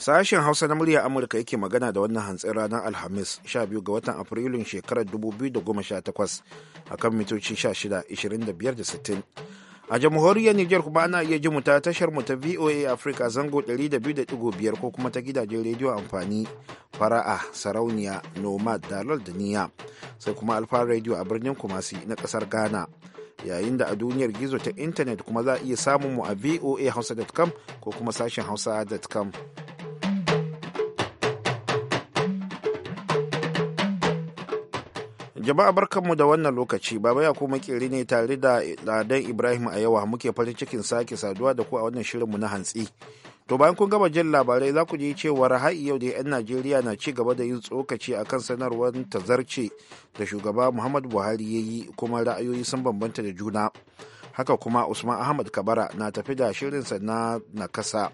Sashen Hausa na murya Amurka yake magana da wannan hantsin ranar Alhamis 12 ga watan Afrilun shekarar 2018 a kan mitoci 16,25,60 a jamhuriyar Nijar kuma ana iya jin ta tashar mu ta VOA Africa zango 200.5 ko kuma ta gidajen rediyo amfani fara'a sarauniya nomad dalar da niya sai kuma alfa radio a birnin kumasi na kasar Ghana yayin da a duniyar gizo ta intanet kuma za a iya samun mu a voa hausa.com ko kuma sashen hausa.com jama'a barkanmu da wannan lokaci baba ya kuma kiri ne tare da ɗadan ibrahim a yawa muke farin cikin sake saduwa da ku a wannan shirinmu na hantsi to bayan kun gaba jin labarai za ku ji cewar har yau da 'yan najeriya na ci gaba da yin tsokaci a kan sanarwar tazarce da shugaba muhammad buhari ya yi kuma ra'ayoyi sun bambanta da juna haka kuma usman ahmad kabara na tafi da shirinsa na nakasa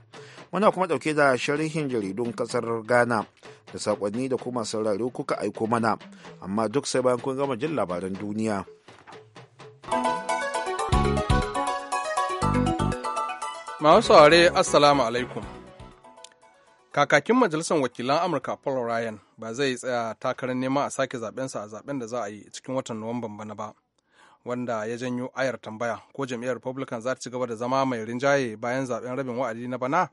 muna kuma dauke da sharhin jaridun kasar ghana da sakonni da kuma sauraro kuka aiko mana amma duk sai bayan kun gama jin labaran duniya masu saurare assalamu alaikum kakakin majalisar wakilan amurka paul ryan ba zai tsaya takarar neman a sake zaɓensa a zaɓen da za a yi cikin watan nuwamban bana ba wanda ya janyo ayar tambaya ko jam'iyyar republican za ta ci gaba da zama mai rinjaye bayan zaɓen rabin wa'adi na bana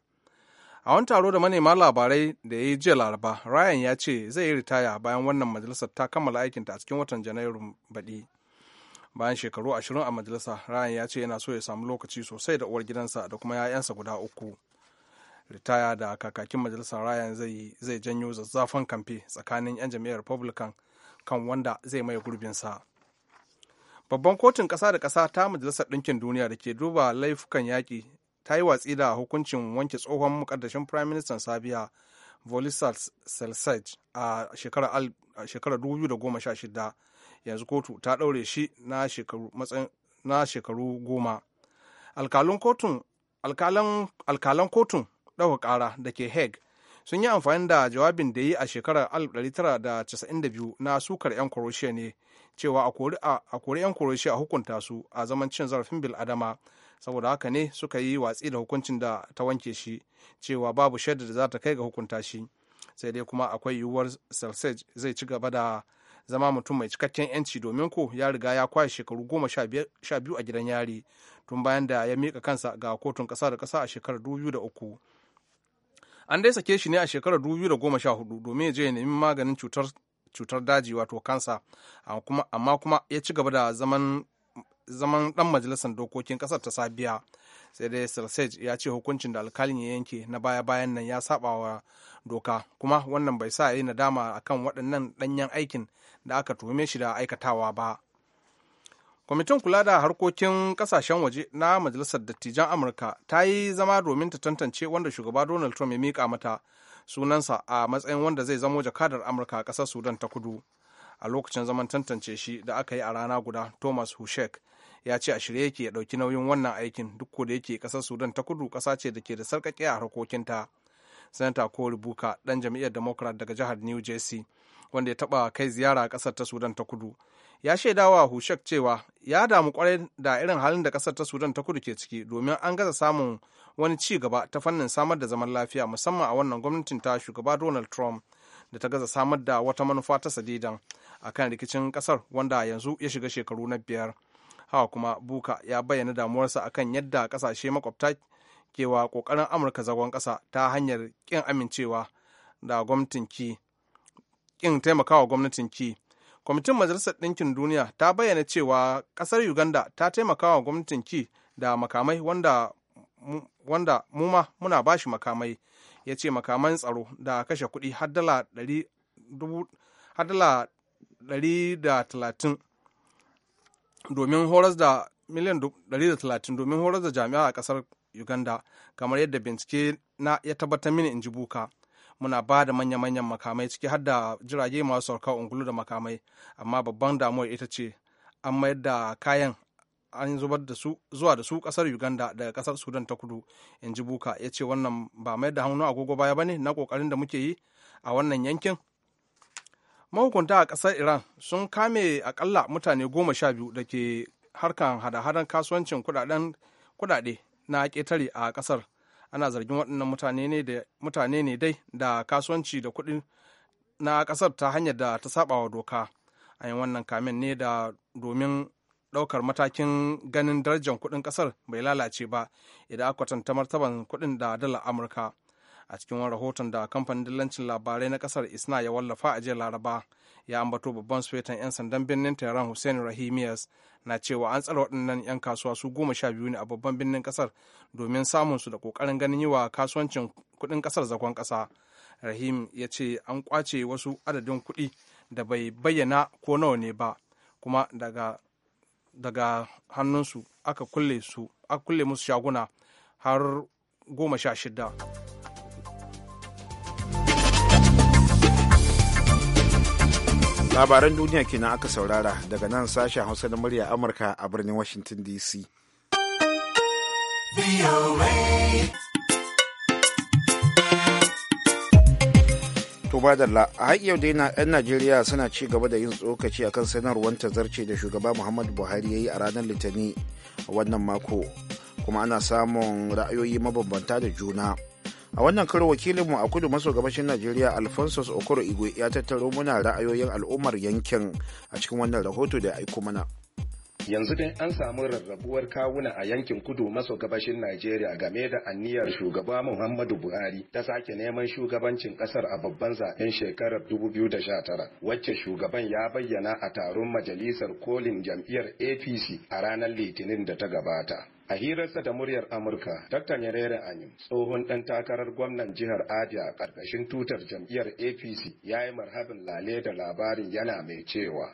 a wani taro da manema labarai da ya yi jiya laraba ryan ya ce zai yi ritaya bayan wannan majalisar ta kammala aikinta a cikin watan janairu baɗi bayan shekaru ashirin a majalisa ryan ya ce yana so ya samu lokaci sosai da uwar gidansa da kuma 'ya'yansa guda uku ritaya da kakakin majalisar ryan zai janyo zazzafan kamfe tsakanin 'yan jam'iyyar republican kan wanda zai maye gurbinsa babban kotun ƙasa da kasa ta majalisar ɗinkin duniya da ke duba laifukan yaƙi ta yi watsi da hukuncin wanke tsohon mukaddashin prime minister sabiya volisar selsej a shekarar 2016 yanzu kotu ta ɗaure shi na shekaru goma alkalan kotun ɗaukar ƙara da ke hague sun yi amfani da jawabin da yi a shekarar 1992 na sukar 'yan kuroshiya ne cewa a kori 'yan kuroshiya a hukunta su a zaman cin zarafin bil'adama adama saboda haka ne suka yi watsi da hukuncin da ta wanke shi cewa babu shaidar da za ta kai ga hukunta shi sai dai kuma akwai yiwuwar salsej zai ci gaba da zama mutum mai cikakken yanci domin ko ya riga ya kwashe shekaru goma sha biyu a gidan yari tun bayan da ya mika kansa ga kotun kasa da ƙasa a shekarar dubu da uku an dai sake shi ne a shekarar dubu da goma sha hudu domin ya je ya nemi maganin cutar cutar daji wato kansa amma kuma ya ci gaba da zaman zaman dan majalisar dokokin kasar ta sabiya sai dai sarsej ya ce hukuncin da alkalin ya yanke na baya-bayan nan ya saba wa doka kuma wannan bai sa ya yi nadama kan waɗannan ɗanyen aikin da aka tuhume shi da aikatawa ba kwamitin kula da harkokin ƙasashen waje na majalisar dattijan amurka ta yi zama domin ta tantance wanda shugaba donald trump ya mika mata sunansa a matsayin wanda zai zamo jakadar amurka a ƙasar sudan ta kudu a lokacin zaman tantance shi da aka yi a rana guda thomas hushek ya ce a shirye yake ya ɗauki nauyin wannan aikin duk da yake ƙasar sudan ta kudu ƙasa ce da ke da sarƙaƙe a harkokinta sanata cory buka ɗan jam'iyyar democrat daga jihar new jersey wanda ya taɓa kai ziyara a ƙasar ta sudan ta kudu ya shaidawa hushek cewa ya damu kwarai da irin halin da ƙasar ta sudan ta kudu ke ciki domin an gaza samun wani ci gaba ta fannin samar da zaman lafiya musamman a wannan gwamnatin ta shugaba donald trump da ta gaza samar da wata manufa ta sadidan a kan rikicin kasar wanda yanzu ya shiga shekaru na biyar hawa kuma buka ya bayyana damuwarsa akan yadda kasashe makwabta kewa kokarin amurka zagon kasa ta hanyar kin amincewa da gwamnatin ki kin taimakawa gwamnatin ki kwamitin majalisar ɗinkin duniya ta bayyana cewa ƙasar uganda ta taimakawa gwamnatin ki da makamai wanda wanda mu ma muna bashi makamai ya ce makaman tsaro da kashe kuɗi har dala 130 domin horas da miliyan 130 domin horas da jami'a a kasar uganda kamar yadda bincike na ya tabbatar mini in ji buka muna ba da manya-manyan makamai ciki har da jirage masu sauka ungulu da makamai amma babban damuwar ita ce an mayar da kayan an zubar da su zuwa da su kasar uganda daga kasar sudan ta kudu in ji buka ya ce wannan ba mayar da hannu agogo baya bane na kokarin da muke yi a wannan yankin mahukunta a ƙasar iran sun kame akalla mutane goma sha biyu da ke harkan hada-hadan kasuwancin kudade na ƙetare a kasar ana zargin waɗannan mutane ne dai da kasuwanci da kuɗi na ƙasar ta hanyar da ta saba wa doka a yin wannan kamen ne da domin ɗaukar matakin ganin darajar kuɗin ƙasar bai lalace ba idan aka kwatanta martaban kuɗin da dalar amurka a cikin wani rahoton da kamfanin dillancin labarai na kasar isna ya wallafa a jiya laraba ya ambato babban sufetan 'yan sandan birnin tehran hussein rahimiyas na cewa an tsara waɗannan 'yan kasuwa su goma sha biyu ne a babban birnin kasar domin samun su da ƙoƙarin ganin yi wa kasuwancin kuɗin kasar zagon ƙasa rahim ya ce an ƙwace wasu adadin kuɗi da bai bayyana ko nawa ne ba kuma daga daga hannunsu aka kulle aka kulle musu shaguna har goma sha shida labaran duniya kenan aka saurara daga nan sashen hausa na murya amurka a birnin washington dc tubadalla a har yau dai 'yan najeriya suna ci gaba da yin tsokaci akan sanarwar tazarce da shugaba muhammadu buhari ya yi a ranar litani wannan mako kuma ana samun ra'ayoyi mabambanta da juna a wannan karo wakilinmu a kudu maso gabashin najeriya alfonso okoro igwe ya tattaro muna ra'ayoyin al'ummar yankin a cikin wannan rahoto da aiko mana yanzu dai an samu rarrabuwar kawuna a yankin kudu maso gabashin Najeriya game da anniyar shugaba Muhammadu Buhari ta sake neman shugabancin kasar a babban zaben shekarar 2019 wacce shugaban ya bayyana a taron majalisar kolin jam'iyyar APC a ranar Litinin da ta gabata. A hirarsa da muryar Amurka, Dr. Nyerere Anyim, tsohon ɗan takarar gwamnan jihar Adia, karkashin ƙarƙashin tutar jam'iyyar APC, ya yi marhabin lale da labarin yana mai cewa.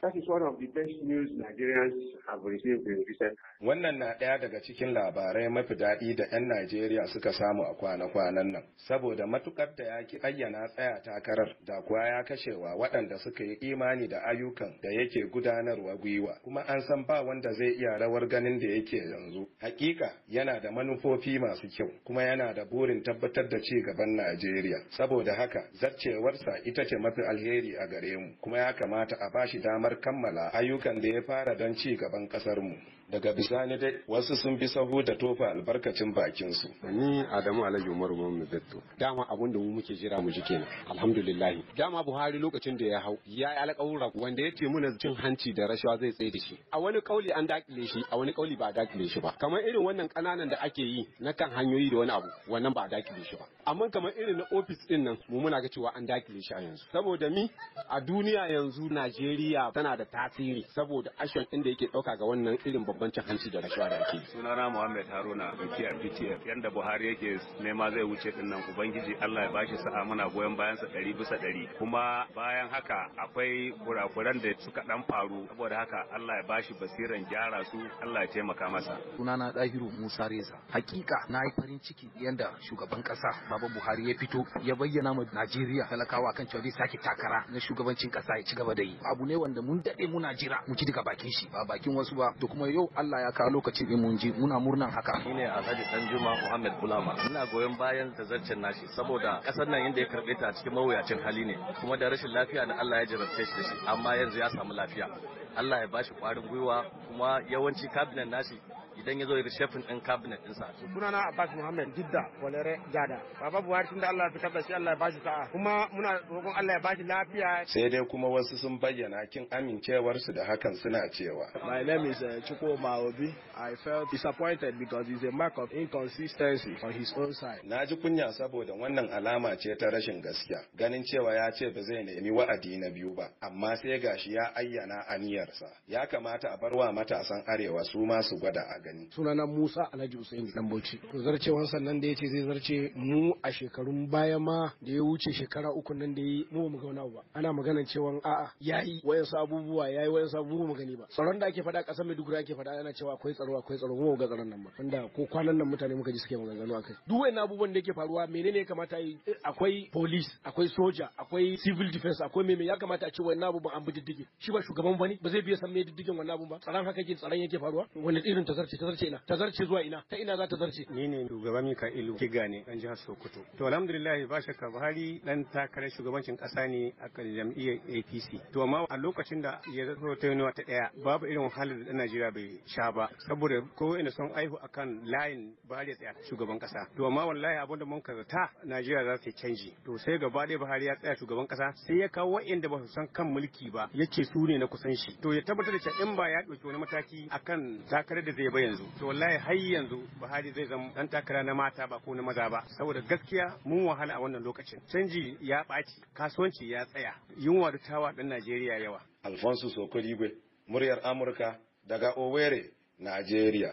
Wannan na ɗaya daga cikin labarai mafi daɗi da 'yan Najeriya suka samu a kwana-kwanan nan, saboda matukar da ya ki ayyana tsaya takarar da kuwa ya kashewa waɗanda suka yi imani da ayyukan da yake gudanarwa gwiwa, kuma an san ba wanda zai iya rawar ganin da yake yanzu. Hakika yana da manufofi masu kyau kuma yana da burin tabbatar da ci gaban Najeriya. Saboda haka zarcewarsa ita ce mafi alheri a gare mu kuma ya kamata a bashi damar kammala ayyukan da ya fara don ci gaban kasar mu. daga bisani dai wasu sun bi sahu da tofa albarkacin bakin su ni Adamu Alhaji Umaru Muhammad dama abun da mu muke jira mu ji kenan alhamdulillah dama Buhari lokacin da ya hau ya yi alƙawura wanda ya ce muna cin hanci da rashawa zai tsaye da shi a wani kauli an dakile shi a wani kauli ba dakile shi ba kamar irin wannan kananan da ake yi na kan hanyoyi da wani abu wannan ba dakile shi ba amma kamar irin na ofis din nan mu muna ga cewa an dakile shi a yanzu saboda mi a duniya yanzu Najeriya tana da tasiri saboda ashon inda yake dauka ga wannan irin babban cin hanci da rashawa da ake sunana muhammed haruna bukiyar ptf yanda buhari yake nema zai wuce din nan ubangiji allah ya bashi sa'a muna goyon bayansa ɗari bisa ɗari kuma bayan haka akwai kurakuran da suka dan faru saboda haka allah ya bashi basiran gyara su allah ya taimaka masa sunana dahiru musa reza hakika na yi farin ciki yanda shugaban kasa baba buhari ya fito ya bayyana ma najeriya talakawa kan cewa zai sake takara na shugabancin kasa ya ci gaba da yi abu ne wanda mun daɗe muna jira mu ci daga bakin shi ba bakin wasu ba to kuma yau Allah ya kawo lokacin in mun ji muna murnan haka ni ne Alhaji Danjuma Muhammad Bulama ina goyon bayan tazarcin nashi saboda kasar nan inda ya karbe ta cikin mawuyacin hali ne kuma da rashin lafiya da Allah ya jarabce shi da shi amma yanzu ya samu lafiya Allah ya bashi kwarin gwiwa kuma yawanci kabinan nashi idan ya zo da shafin ɗin cabinet ɗinsa. sunana abbas muhammad didda walere gada baba buhari tun da allah ya fitar da shi allah ya bashi sa'a kuma muna roƙon allah ya bashi lafiya. sai dai kuma wasu sun bayyana kin amincewarsu da hakan suna cewa. my name is uh, eh, chukwu maobi i felt disappointed because it's a mark of inconsistency on his own side. na ji kunya saboda wannan alama ce ta rashin gaskiya ganin cewa ya ce ba zai nemi wa'adi na biyu ba amma sai gashi ya ayyana aniyarsa ya kamata a bar wa matasan arewa su ma su gwada a gani sunana Musa Alhaji usain dan Bauchi zarcewan sannan da yace zai zarce mu a shekarun baya ma da ya wuce shekara uku nan da yi mu ba mu ga wani ba ana maganan cewa a'a yayi wayan abubuwa yayi wayan abubuwa mu gani ba tsaron da ake faɗa ƙasar Maiduguri ake faɗa ana cewa akwai tsaro akwai tsaro mu ga tsaron nan ba tunda ko kwanan nan mutane muka ji suke maganganu akai duk wayannan abubuwan da yake faruwa menene ya kamata yi eh, akwai police akwai soja akwai civil defense akwai meme ya kamata a ce wayannan abubuwan an bi diddige shi ba shugaban bane ba zai biya san me diddigen wannan abun ba tsaron haka yake tsaron yake faruwa wani irin tazar zarce ta zarce ina ta zarce zuwa ina ta ina za ta zarce ni ne shugaba Mika'ilu Kiga ne an jihar Sokoto to alhamdulillah ba shakka Buhari dan takarar shugabancin kasa ne a kan jam'iyyar APC to amma a lokacin da ya zato ta yi ta daya babu irin wahala da Najeriya bai sha ba saboda ko ina son aihu akan layin Buhari ya tsaya shugaban kasa to amma wallahi abinda mun karanta Najeriya za ta canji to sai gaba ɗaya Buhari ya tsaya shugaban kasa sai ya kawo waɗanda ba su san kan mulki ba yace su ne na kusan shi to ya tabbatar da cewa in ba ya ɗauki wani mataki akan takarar da zai ba yanzu to wallahi har yanzu Buhari zai zama dan takara na mata ba ko na maza ba saboda gaskiya mun wahala a wannan lokacin canji ya ɓaci kasuwanci ya tsaya yunwa da tawa dan Najeriya yawa Alfonso Sokorigwe muryar Amurka daga Owerri Najeriya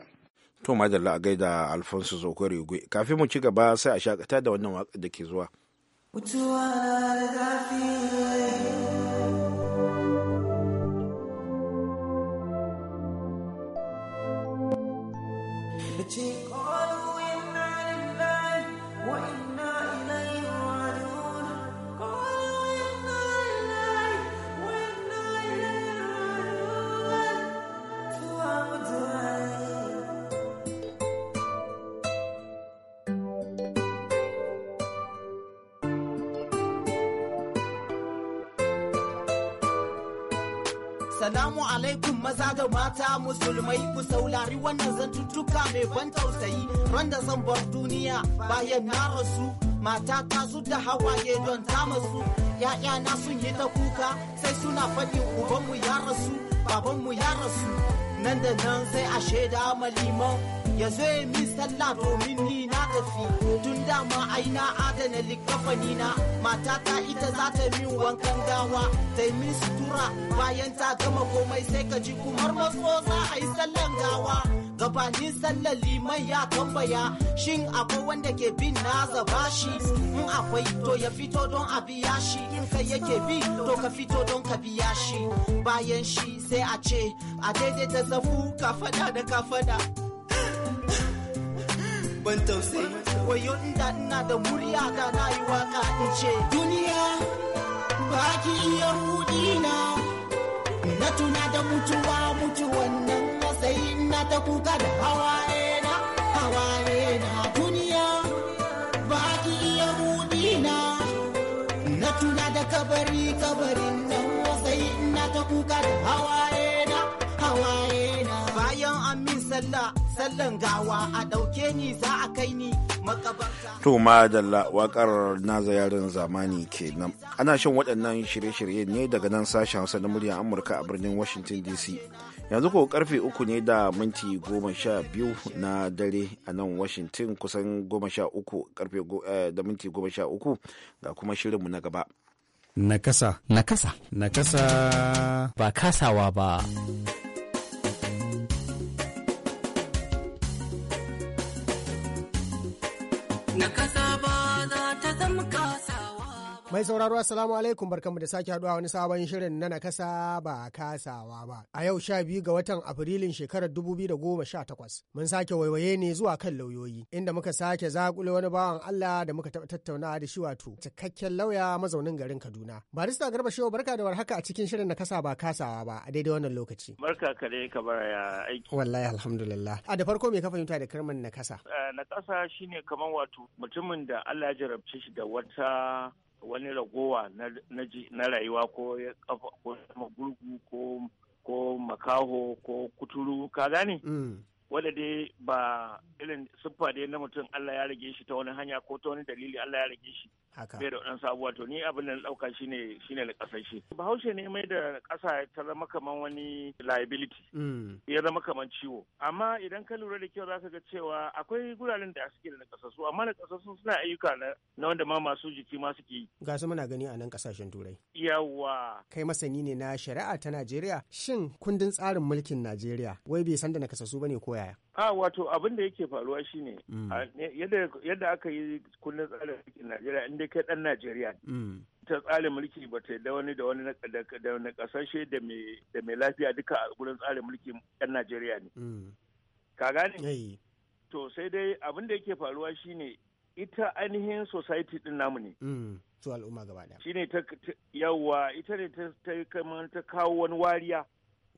to madalla a gaida Alfonso Sokorigwe kafin mu ci gaba sai a shakata da wannan waka da ke zuwa Mutuwa da alaikum maza da mata musulmai ku saulari wannan zantuttuka mai ban tausayi ran da zan bar duniya bayan na rasu mata ta su da hawaye don ta masu ya'ya na sun yi ta kuka sai suna faɗin ubanmu ya rasu babanmu ya rasu nan da nan sai a shaida maliman ya zo ya min sallah domin ni na tafi tun dama ai na adana likafani na matata ita za ta min wankan gawa ta yi min sutura bayan ta gama komai sai ka ji kumar maso za a yi sallan gawa gabanin sallar liman ya tambaya shin akwai wanda ke bin na zaba shi in akwai to ya fito don a biya shi in kai yake bi to ka fito don ka biya shi bayan shi sai a ce a daidai ta zafu ka fada da ka fada ban tausayi wayo inda ina da murya ga na yi waka ce duniya ba ki iya rudi na tuna da mutuwa sallan gawa a ɗauke ni za a kai ni makabarta. To madalla wakar naza yaren zamani kenan. Ana shan waɗannan shirye-shirye ne daga nan sashen Hausa na muryar Amurka a birnin Washington DC. Yanzu ko karfe uku ne da minti goma sha biyu na dare a nan Washington kusan goma sha uku karfe eh, da minti goma sha uku ga kuma shirinmu na gaba. Nakasa. Nakasa. Nakasa. Ba kasawa ba. 泣かさ Mai sauraro Assalamu alaikum barkanmu da sake haduwa wani sabon shirin na nakasa ba kasawa ba. A yau sha biyu ga watan Afrilun shekarar dubu biyu da goma Mun sake waiwaye ne zuwa kan lauyoyi inda muka sake zakule wani bawan Allah da muka taɓa tattauna da shi wato cikakken lauya mazaunin garin Kaduna. Barista Garba Shehu barka da warhaka a cikin shirin nakasa ba kasawa ba a daidai wannan lokaci. Barka ka dai ka bar ya aiki. Wallahi alhamdulillah. A da farko me ka fahimta da kalmar nakasa? Eh, nakasa shine kamar wato mutumin da Allah ya jarabce shi da wata wani ragowa na rayuwa ko ya kafa ko magurgu ko ko makaho ko kuturu ka gane mm. wanda dai ba irin siffa dai na mutum Allah ya rage shi ta wani hanya ko ta wani dalili Allah ya rage shi bai da waɗansu abubuwa to ni abin da na ɗauka shine shine da ƙasar shi bahaushe ne mai da ƙasa ta zama kamar wani liability mm. ya zama kamar ciwo amma idan ka lura da kyau zaka ga cewa akwai guraren da suke da nakasassu amma nakasassu suna ayyuka na wanda ma masu jiki ma suke yi ga su muna gani a nan ƙasashen turai yawa kai masani ne na shari'a ta Najeriya shin kundin tsarin mulkin Najeriya wai bai san da nakasassu bane ko yaya a wato abin da yake faruwa shine mm. yadda aka yi kundin tsarin mulkin najeriya inda kai dan najeriya mm. ta tsarin mulki ba ta yadda wani da wani na kasashe da mai lafiya duka a gurin tsarin mulki yan najeriya ne mm. ka gane to sai dai abin da yake faruwa shine ita ainihin society din namu ne to al'umma gaba shine ta yawa ita ne ta ta kawo wani wariya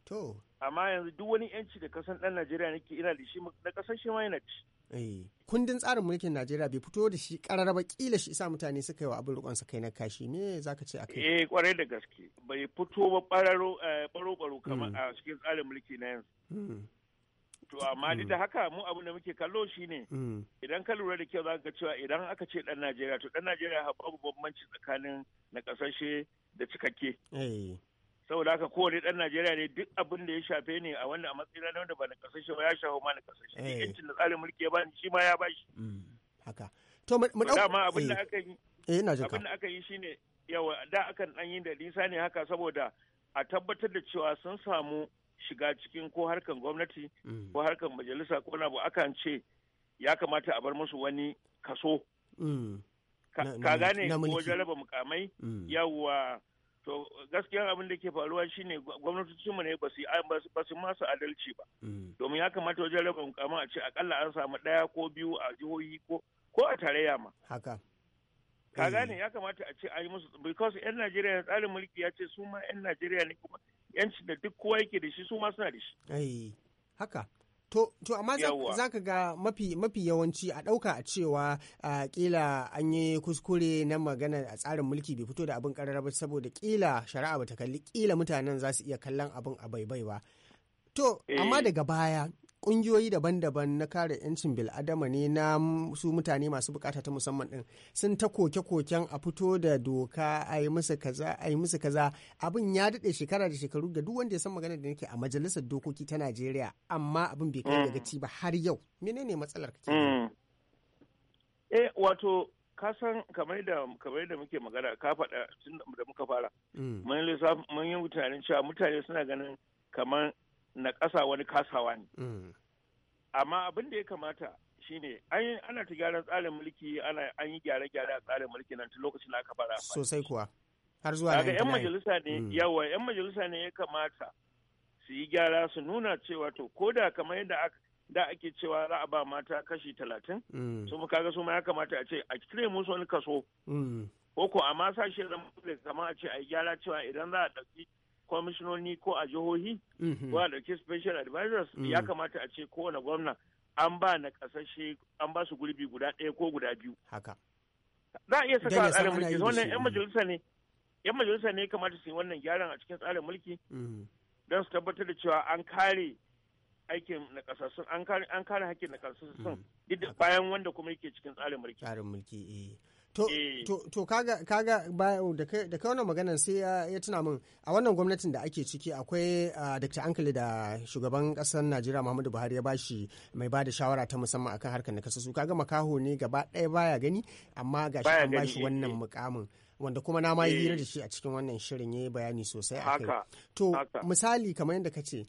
to amma yanzu duk wani yanci da kasan dan Najeriya nake ina da shi na kasan shi ma yana ci. Eh, kundin tsarin mulkin Najeriya bai fito da shi karara ba kila shi isa mutane suka yi wa abin rukon kai na kashi me zaka ce akai? Eh kwarai da gaske bai fito ba bararo baro eh, baro kamar mm. a cikin tsarin mulki na yanzu. Mm. To amma duk da mm. haka mu abin da muke kallo shine idan ka lura da kyau za ka cewa idan aka ce dan Najeriya to dan Najeriya babu bambanci tsakanin na kasashe da cikakke. Eh. saboda haka kowane dan Najeriya ne duk abin da ya shafe ne a wannan a matsayin na wanda ba na kasashe ba ya shafa ma na kasashe ne eh. yancin da tsarin mulki ya bani shi ma ya bashi mm, haka to mu dama abin da eh. aka yi eh ina abin da aka yi shine yawa da akan dan yin da lisa ne haka saboda a tabbatar da cewa sun samu shiga cikin ko harkan gwamnati mm. ko harkan majalisa ko na bu akan ce ya kamata a bar musu wani kaso mm. ka gane ko jaraba mukamai yawa to gaskiya abin da ke faruwa shine gwamnatocinmu ne ba su masu adalci ba mm. domin ya kamata wajen raba mukama a ce akalla an samu ɗaya ko biyu a jihohi ko a tarayya ma haka ka eh. gane ya kamata a ce a yi musu because yan najeriya tsarin mulki ya ce su ma yan najeriya ne kuma yanci da duk kowa yake da shi su ma suna da shi eh. haka To, to amma za ka ga mafi, mafi yawanci a ɗauka a cewa a ƙila an yi kuskure na magana a tsarin mulki bai fito da abin ƙarara ba saboda ƙila shari'a ba ta kalli ƙila mutanen za su iya kallon abin a baibai ba. To, amma eh. daga baya kungiyoyi daban-daban na kare 'yancin bil'adama ne na su mutane masu bukata ta musamman din sun ta koke-koken a fito da doka a yi musu kaza a yi musu kaza abin ya daɗe shekara da shekaru ga duk wanda ya san magana da nake a majalisar dokoki ta najeriya amma abin bai kai daga mm. ci ba har yau menene matsalar ka mm. eh wato ka san kamar da kamar da muke magana ka faɗa tun da muka fara mm. mun yi mutane cewa mutane suna ganin kamar na ƙasa wani kasawa ne mm. amma abin da ya kamata shine ana ta gyaran tsarin mulki ana an yi gyare-gyare a tsarin mulki nan tun lokacin aka fara sosai kuwa har zuwa daga yan majalisa ne mm. yawa yan majalisa ne ya kamata su yi gyara su nuna cewa to ko da kamar yadda da ake cewa za a ba mata kashi talatin mm. su mu kaga su ma ya kamata a ce a cire musu wani kaso ko ko amma sashe zama kama a ce a yi gyara cewa idan za a ɗauki kwamishinoni ko a jihohi mhm. ko a ɗauki special advisors mm. ya kamata a ce kowane gwamna an ba na kasashe an ba su gurbi guda ɗaya ko guda biyu haka za a iya saka a tsarin mulki wannan yan majalisa ne yan majalisa ne kamata su yi wannan gyaran a cikin tsarin mulki mm. don su tabbatar da cewa an kare aikin na kasassun an kare hakkin na kasassun mm. duk bayan wanda kuma yake cikin tsarin mulki tsarin mulki eh Eh. To kaga kaga da kai wannan maganan sai ya tuna min a wannan gwamnatin da ake ciki akwai Dr. Ankali da shugaban kasar Najeriya Muhammadu Buhari ya bashi mai ba da shawara ta musamman akan harkar na kasasu kaga makaho ne gaba ɗaya baya gani amma ga shi an bashi wannan eh. mukamin. wanda kuma na ma yi hira eh. da shi a cikin wannan shirin ya yi bayani sosai a kai. To misali kamar yadda ka ce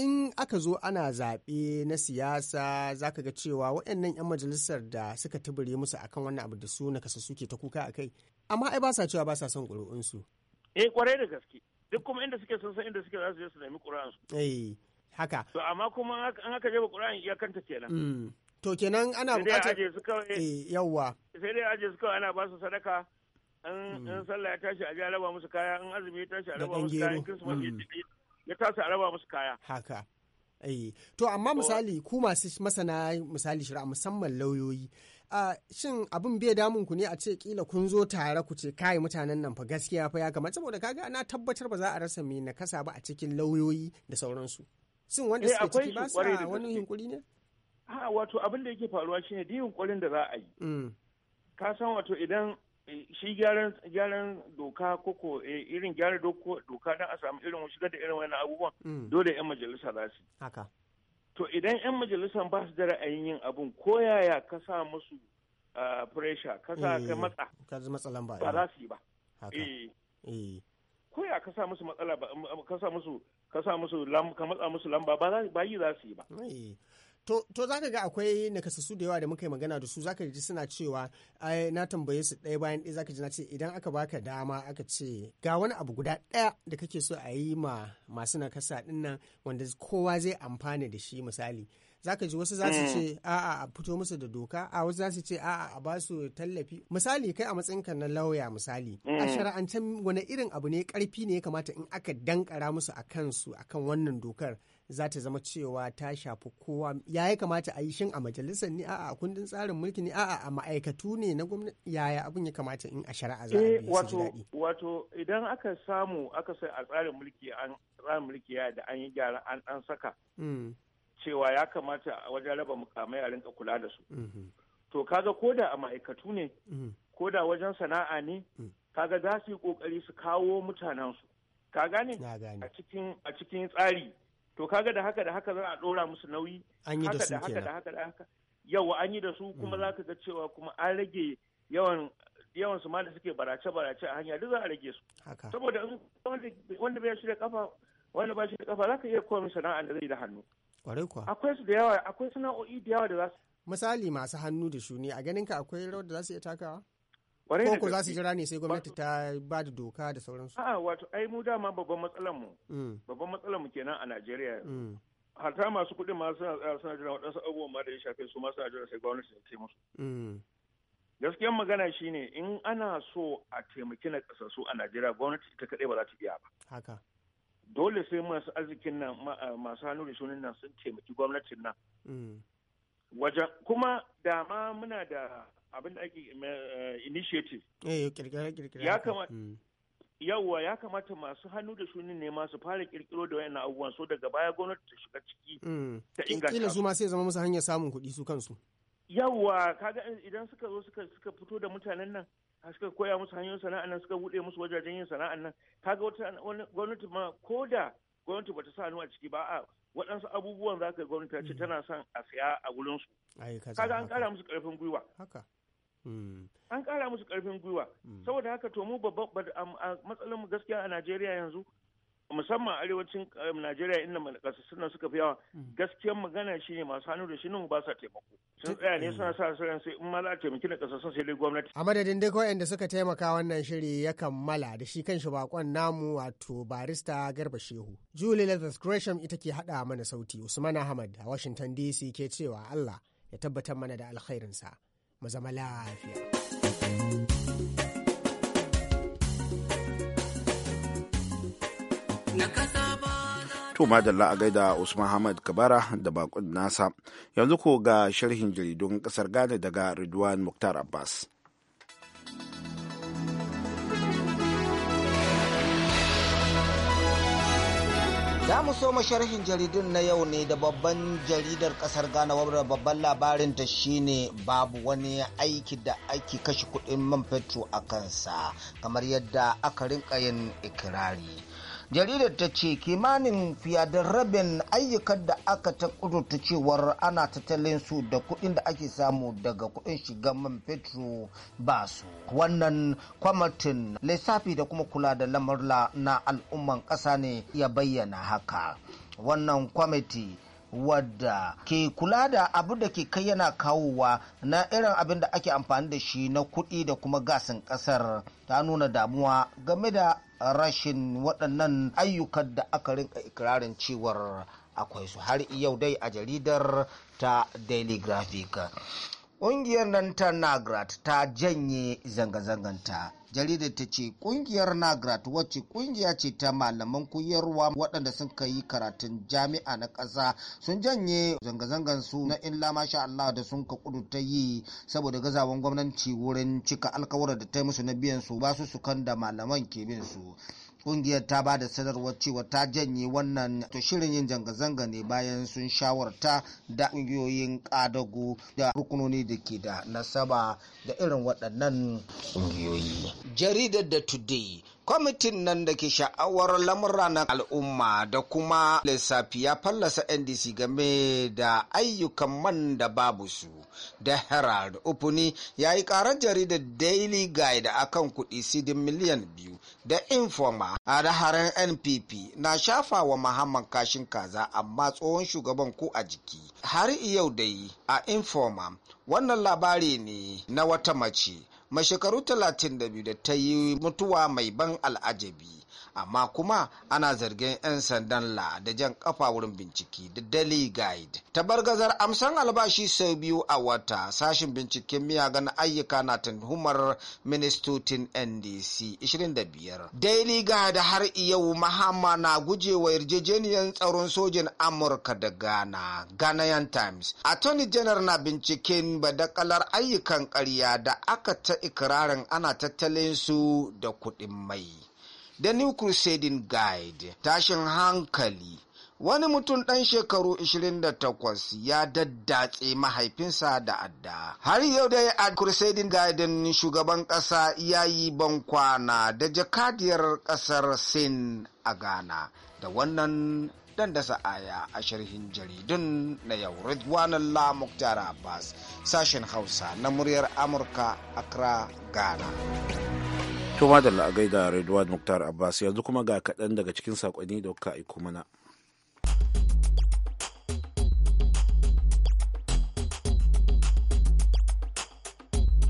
in aka zo ana zaɓe na siyasa za ka ga cewa waɗannan 'yan majalisar da suka tubure musu akan wannan abu da su na kasa suke ta kuka a kai amma ai ba sa cewa ba sa son ƙuri'unsu. eh kwarai da gaske duk kuma inda suke son san inda suke za su je su nemi ƙuri'unsu. eh haka. to amma kuma an haka jefa ƙuri'un iyakanta kenan. Mm. to kenan ana buƙatar eh yawwa. sai dai aje eh, su kawai ana ba su sadaka. in mm. sallah ya tashi a raba musu kaya in azumi ya tashi a raba musu kaya in kirsimeti ya kasa raba musu kaya haka Ayi. Eh, to amma misali ku masu masana misali shari'a musamman lauyoyi Uh, shin abin bai damun ku ne a ce kila kun zo tare ku ce kai mutanen nan fa gaskiya fa ya kamata saboda kaga na tabbatar ba za a rasa mai na kasa ba a cikin lauyoyi da sauransu shin wanda eh, suke ciki ba sa wani yunkuri ne ha wato abin da yake faruwa shine din yunkurin da za a yi mm. ka san wato idan Eh, shi gyaran doka koko eh, irin gyara doka don a samu irin shigar da irin wani abubuwan mm. dole 'yan majalisa za su haka to idan 'yan majalisan ba su da ra'ayin yin abun ko yaya ka sa musu pressure ka sa ka eh, matsa ba za su yi ba ko ya ka sa musu matsala ba ka sa musu ka sa musu ka matsa musu lamba ba yi za su yi ba To, to za ka ga akwai nakasassu da yawa da muka yi magana da su za ka ji suna cewa na tambaye su ɗaya bayan ɗaya za ka ji na ce idan aka baka dama aka ce ga wani abu guda ɗaya da kake so a yi ma masu nakasa ɗin nan wanda kowa zai amfana da shi misali. za ka ji wasu za su mm. ce a'a a fito musu da doka a wasu za su ce a'a a ba su tallafi misali kai a matsayinka na lauya misali a mm. shara'ancen wani irin abu ne karfi ne ya kamata in aka dankara musu a kansu akan wannan dokar za ta zama cewa ta shafi kowa ya ya kamata a yi shin a majalisar ne a'a a kundin tsarin mulki ne a'a a ma'aikatu ne na gwamnati yaya abin ya kamata in a shari'a za a eh, wato wato idan aka samu aka sai a tsarin mulki an tsarin mulki ya da an yi gyara an an saka mm. cewa ya kamata a wajen raba mukamai a rinka kula da su mm-hmm. to kaga da a ma'aikatu ne mm-hmm. Ko da wajen sana'a ne mm. kaga za su yi kokari su kawo mutanensu ka gane a cikin a cikin tsari to kaga da haka da haka za a ɗora musu nauyi an yi da su haka da haka da haka yawa an yi da su kuma mm. za ka ga cewa kuma an rage yawan yawan su ma da suke barace barace a hanya duk za a rage su saboda wanda bai shi da kafa wanda ba shi da kafa za ka iya koyar sana'a da zai da hannu kwarai kuwa akwai su da yawa akwai sana'o'i da yawa da za su misali masu hannu da shuni a ganin ka akwai rawar da za su iya takawa Ko ko za su jira ne sai gwamnati ta ba da doka da sauransu. A'a wato ai mu dama babban matsalar mu. Mm. Babban matsalar mu kenan a Najeriya. Mm. Harta masu kuɗin ma suna suna jira waɗansu abubuwan ma da ya shafe su ma suna jira sai gwamnati ta musu. Mm. Gaskiyar magana shine in ana so a taimaki na ƙasassu a Najeriya gwamnati ita kaɗai ba za ta iya ba. Haka. Dole sai masu arzikin nan masu hannu da sunan nan sun taimaki gwamnatin nan. Wajen kuma dama muna da abin da ake eh, initiative eh ya kamata mm. yawwa ya kamata masu hannu da shunin ne masu fara kirkiro da wayannan abubuwan so daga baya gwamnati ta shiga ciki mm. ta inganta kila su ma sai zama musu hanyar samun kuɗi su kansu yawwa kaga idan suka zo suka suka fito da mutanen nan suka koya musu hanyoyin sana'a nan suka bude musu wajajen yin sana'a nan kaga wata gwamnati ma ko da gwamnati bata sa hannu a ciki ba a waɗansu abubuwan za ka gwamnati ta ce tana son a siya a gurinsu kaga an kara musu ƙarfin gwiwa haka Mm. an kara musu karfin gwiwa mm. saboda haka to mu babban mu gaskiya a najeriya yanzu musamman arewacin um, najeriya inda suna suka fi yawa mm. gaskiyan magana shine masu hannu da shi shinin ba sa taimako sun tsaya ne suna sa su sai in ma za a taimaki da kasassun sai dai gwamnati a madadin duk wa'anda suka taimaka wannan shiri ya kammala da shi kanshi bakon namu wato barista garba shehu julie leathers gresham ita ke haɗa mana sauti usman ahmad a washington dc ke cewa allah ya tabbatar mana da alkhairinsa. sa mu zama lafiya. To madalla a gaida Usman Hamad Kabara da bakon nasa yanzu ko ga sharhin jaridun kasar Ghana daga Ridwan Muktar Abbas. Za mu so sharhin jaridun na yau ne da babban jaridar kasar Ghana wadda babban labarin ta shine babu wani aiki da ake kashe kudin man fetur a kansa kamar yadda aka rinka yin ikirari. jaridar ta ce kimanin fiyadar rabin ayyukan da aka ta kudurta cewar ana tattalin su da kuɗin da ake samu daga kuɗin shiga man petro ba su wannan kwamitin lissafi da kuma kula da lamarla na al'umman ƙasa ne ya bayyana haka wannan kwamiti wadda ke kula da abu da ke kai yana kawowa na irin abin da ake amfani da shi na kuɗi da kuma gasin ƙasar ta nuna damuwa game da rashin waɗannan ayyukan da aka rinka ikirarin cewar akwai su har yau dai a jaridar ta daily graphic ƙungiyar nan ta nagrat ta janye zanga-zanganta jaridar ta ce ƙungiyar nagrat wacce ƙungiya ce ta malaman koyarwa waɗanda sun ka yi karatun jami'a na ƙasa sun janye zanga-zangan su na illa masha Allah da sun ka kudu ta yi saboda gazawan gwamnati wurin cika alkawarar da ta yi musu na biyan su ba su su kan da malaman ke bin su Ƙungiyar ta ba da sanarwar cewa ta janye wannan to shirin yin zanga-zanga ne bayan sun shawarta da ƙungiyoyin ƙadago da rukunoni da ke da nasaba da irin waɗannan ƙungiyoyi. Jaridar da Today kwamitin nan da ke sha'awar lamura na al'umma da kuma lissafi ya fallasa ndc game da ayyukan man da babu su da herald upuni ya yi karar jaridar daily guide akan kuɗi sidin miliyan biyu da informa a daharen npp na shafa wa muhammad kashin kaza amma tsohon shugaban ku a jiki har yau dai a informa wannan labari ne na wata mace mai shekaru 32 da ta yi mutuwa mai ban al'ajabi amma kuma ana zargin 'yan sandan la da jan kafa wurin bincike da daily guide bargazar amsan albashi sau biyu a wata sashin binciken miyagan ayyuka na tuhumar ministocin ndc 25 daily guide har yau mahama na gujewa yarjejeniyar tsaron sojin amurka da ghana ghanaian times attorney general na binciken badakalar ayyukan karya da aka ta ikirarin ana tattalin su da kuɗin mai da new crusading guide tashin hankali wani mutum ɗan shekaru 28 ya daddatse mahaifinsa da adda har yau dai a crusading garden shugaban ƙasa ya yi bankwana da jakadiyar ƙasar sin a ghana da wannan dandasa aya a sharhin jaridun na yau ridwan allah muktar abbas sashen hausa na muryar amurka accra ghana To madalla a gaida da Muktar Abbas yanzu kuma ga kaɗan daga cikin sakonni da kuka aiko mana.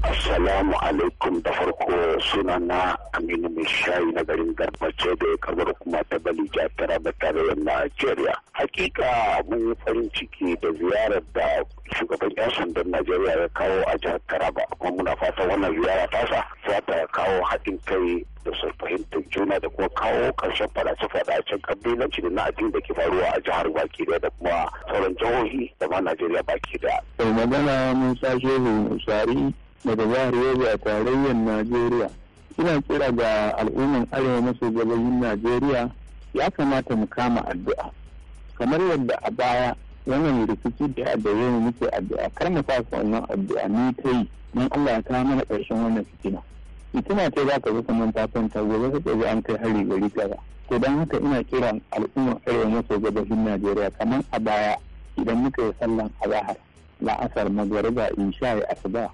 Assalamu alaikum da farko sunana Aminu mai shayi na garin Garbace da ya kabar kuma ta Balija ta tare da Najeriya. Hakika mun farin ciki da ziyarar da shugaban 'yan sandan Najeriya ya kawo a jihar Taraba kuma muna fatan wannan ziyara tasa za ta kawo haɗin kai da su fahimtar juna da kuma kawo ƙarshen faɗace fadacen ƙabilanci da na addini da ke faruwa a jihar baki da kuma sauran jihohi da ma Najeriya baki da. Mai magana mun shehu Musari daga jihar Yobe a tarayyar Najeriya. ina kira ga al'umman arewa maso gabashin najeriya ya kamata mu kama addu'a kamar yadda a baya wannan rikici da da yau muke addu'a kar mu fasa wannan addu'a ni ta yi mun allah ya kawo mana ƙarshen wannan fitina fitina ce za ka ga kamar ta kwanta gobe ka ɗaya an kai hari gari kaza to don haka ina kiran al'umman arewa maso gabashin najeriya kamar a baya idan muka yi sallan azahar la'asar magariba sha ya asuba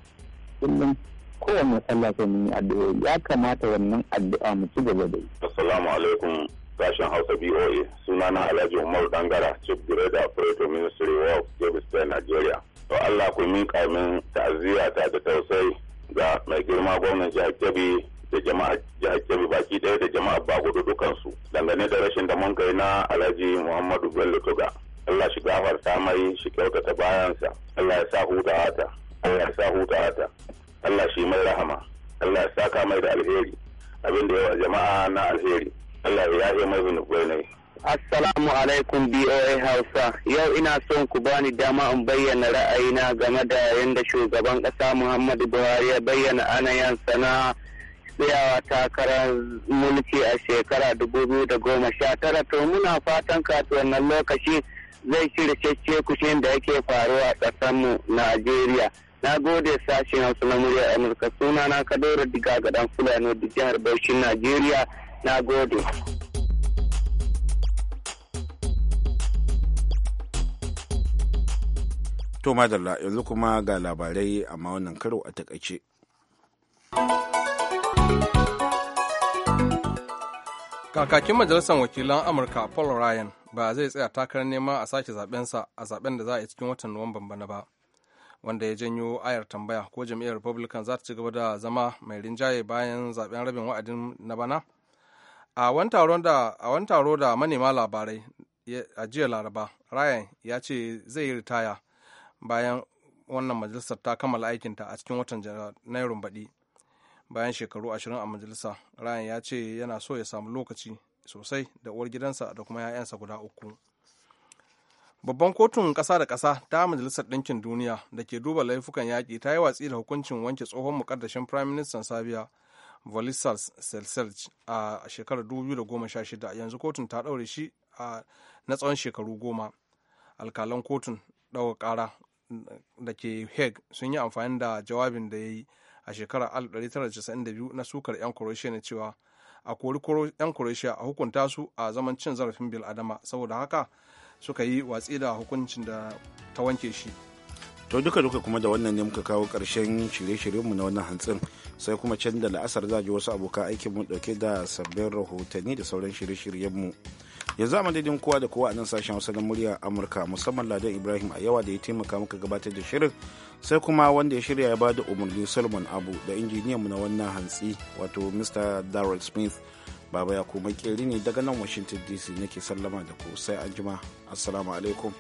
kullum kowanne sallah sai mun yi ya kamata wannan addu'a mu ci gaba da yi assalamu alaikum sashen hausa boa suna na alhaji umar dangara chief Director, of operator ministry of service ta nigeria to allah ku miƙa min ta'aziyya ta da tausayi ga mai girma gwamnan jihar kebbi da jama'a jihar kebbi baki ɗaya da jama'a bagudu dukansu dangane da rashin da mun kai na alhaji muhammadu bello tuga allah shi gafarta mai shi kyautata bayansa allah ya sa huta hata allah ya sa huta hata Allah shi mai rahama Allah ya saka mai da alheri abin da yawa jama'a na alheri Allah ya yi mai zunubai ne Assalamu alaikum BOA Hausa. Yau ina son ku bani dama in bayyana ra'ayina game da yadda shugaban ƙasa Muhammadu Buhari ya bayyana anayansa na tsayawa takarar mulki a shekara da goma sha tara. to muna fatan kasuwannan lokaci zai shirya cece kushin da yake faruwa a ƙasarmu Najeriya. Na gode sashen Hausa na murya Amurka suna na Kadoro Diga ga dan Fulani da jihar Bauchi Najeriya. Na gode. To madalla yanzu kuma ga labarai amma wannan karo a takaice. Kakakin Majalisar Wakilan Amurka Paul Ryan ba zai tsaya takarar neman a sake sa a zaben da za a yi cikin watan Nuwamban bana ba. wanda ya janyo ayar tambaya ko jam'iyyar republican za ta ci gaba da zama mai rinjaye bayan zaben rabin wa'adin na bana a wani taro da manema labarai a jiya laraba ryan ya ce zai yi ritaya bayan wannan majalisar ta kammala aikinta a cikin watan janairun baɗi bayan shekaru ashirin a majalisa ryan ya ce yana so ya samu lokaci sosai da uwar gidansa da kuma 'ya'yansa guda uku babban kotun kasa da kasa ta majalisar ɗinkin duniya da ke duba laifukan yaƙi ta yi watsi da hukuncin wanke tsohon mukaddashin prime minister sabiya volisar selselj a shekarar 2016 yanzu kotun ta ɗaure shi na tsawon shekaru goma alkalan kotun ɗaga ƙara da ke hague sun yi amfani da jawabin da ya yi a shekarar 1992 na sukar 'yan croatia na cewa a kori 'yan croatia a hukunta su a zaman cin zarafin bil'adama saboda haka suka yi watsi da hukuncin da ta wanke shi to duka duka kuma da wannan ne muka kawo karshen shirye-shiryenmu na wannan hantsin sai kuma can da la'asar za ji wasu abokan aikin mu dauke da sabbin rahotanni da sauran shirye-shiryenmu yanzu a madadin kowa da kowa a nan sashen hausa na murya amurka musamman ladan ibrahim a yawa da ya taimaka muka gabatar da shirin sai kuma wanda ya shirya ya bada umarni solomon abu da injiniyanmu na wannan hantsi wato mr darrell smith baba ya kuma ne daga nan washington dc nake sallama da ku sai an jima assalamu alaikum